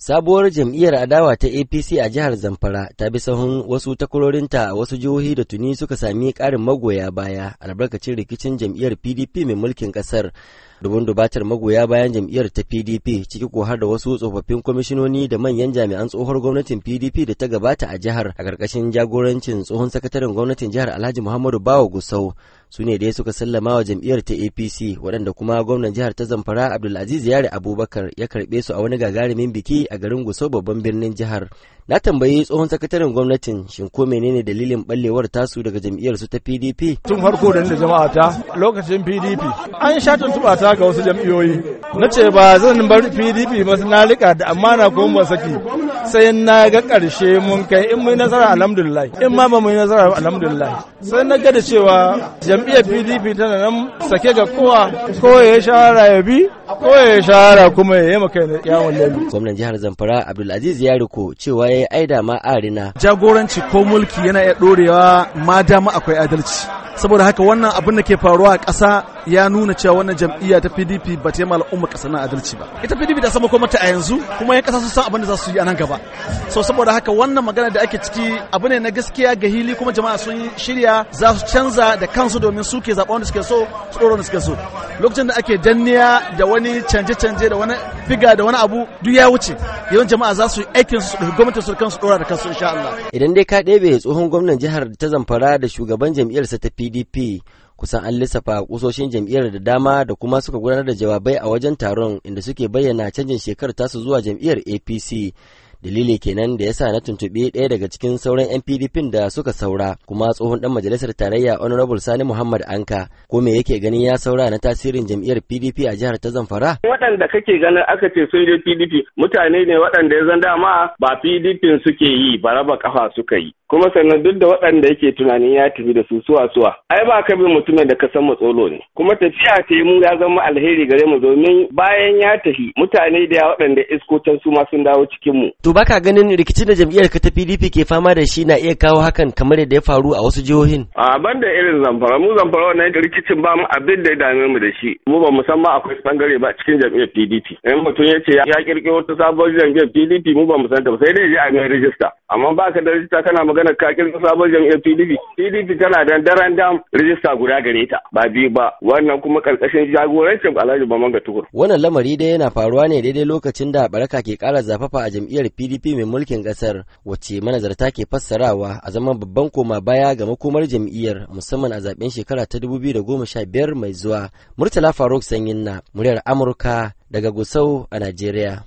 Sabuwar jam'iyyar adawa ta APC a jihar Zamfara ta bi sahun wasu takwarorinta a wasu jihohi da tuni suka sami ƙarin magoya baya albarkacin rikicin jam'iyyar PDP mai mulkin ƙasar. Dubun dubatar magoya bayan jam'iyyar ta PDP ciki ko har da wasu tsofaffin kwamishinoni da manyan jami'an tsohuwar gwamnatin PDP da ta gabata a jihar a ƙarƙashin jagorancin tsohon sakataren gwamnatin jihar Alhaji Muhammadu Bawa Gusau. su ne dai suka sallama wa jam'iyyar ta apc waɗanda kuma gwamnan jihar ta zamfara abdulaziz yare abubakar ya karɓe su a wani gagarumin biki a garin guso babban birnin jihar na tambayi tsohon sakataren gwamnatin shin ko menene dalilin ballewar tasu daga jam'iyyar su ta pdp tun farko da ni da jama'a ta lokacin pdp an sha tuntuɓa ta ga wasu jam'iyyoyi na ce ba zan bar pdp masu nalika da amana ko ba saki sai na ga ƙarshe mun kai in mun nasara alhamdulillah in ma ba mun nasara alhamdulillah sai na ga da cewa jam'iyyar pdp tana nan sake ga kowa ko ya sha rayabi ko ya shahara kuma ya yi maka yawon lalu. Gwamnan jihar Zamfara Abdulaziz riko cewa ya yi aida ma arina. Jagoranci ko mulki yana iya ɗorewa ma dama akwai adalci. saboda haka wannan abin da ke faruwa a ƙasa ya nuna cewa wannan jam'iyya ta PDP ba ta yi al'umma ƙasa na adalci ba ita PDP ta sama mata a yanzu kuma ya ƙasa sun san abin da za su yi a nan gaba so saboda haka wannan magana da ake ciki abu ne na gaskiya ga hili kuma jama'a sun shirya za su canza da kansu domin su ke zaɓa wanda suke so su ɗora da suke so lokacin da ake danniya da wani canje-canje da wani figa da wani abu duk ya wuce yawan jama'a za su yi aikin su gwamnatin su kansu dora da kansu insha Allah idan dai ka ɗebe tsohon gwamnan jihar ta Zamfara da shugaban sa ta PDP kusan an lissafa kusoshin jam'iyyar da dama da kuma suka gudanar da jawabai a wajen taron inda suke bayyana canjin shekarar tasu zuwa jam'iyyar APC Dalili kenan da yasa na tuntuɓi ɗaya daga cikin sauran 'yan PDP da suka saura kuma tsohon ɗan majalisar tarayya Honorable Sani Muhammad Anka ko me yake ganin ya saura na tasirin jam'iyyar PDP a jihar ta Zamfara? Waɗanda kake ganin aka ce sun je PDP mutane ne waɗanda ya zan dama ba PDP suke yi ba raba kafa suka yi. kuma sannan duk da waɗanda yake tunanin ya tafi da su suwa suwa ai ba ka bin mutumin da ka san matsolo ne kuma tafiya ta yi mu ya zama alheri gare mu domin bayan ya tafi mutane da ya waɗanda iskotan su ma sun dawo cikin mu to baka ganin rikicin da jam'iyyar ka ta PDP ke fama da shi na iya kawo hakan kamar yadda ya faru a wasu jihohin a banda irin zamfara mu zamfara wannan rikicin ba mu abin da ya dame mu da shi mu ba mu akwai bangare ba cikin jam'iyyar PDP in mutum ya ce ya kirkiro wata sabon jam'iyyar PDP mu ba mu san ta sai dai ya a rijista amma ba ka da rijista kana magana ka kirka sabon jam'iyyar PDP PDP tana da daren dam rijista guda gare ta ba biyu ba wannan kuma karkashin jagorancin Alhaji ga Tukur wannan lamari dai yana faruwa ne daidai lokacin da baraka ke kara zafafa a jam'iyyar PDP mai mulkin kasar wacce manazarta ke fassarawa a zaman babban koma baya ga makomar jam'iyyar musamman a zaben shekara ta sha biyar mai zuwa Murtala Faruk Sanyin na muryar Amurka daga Gusau a Najeriya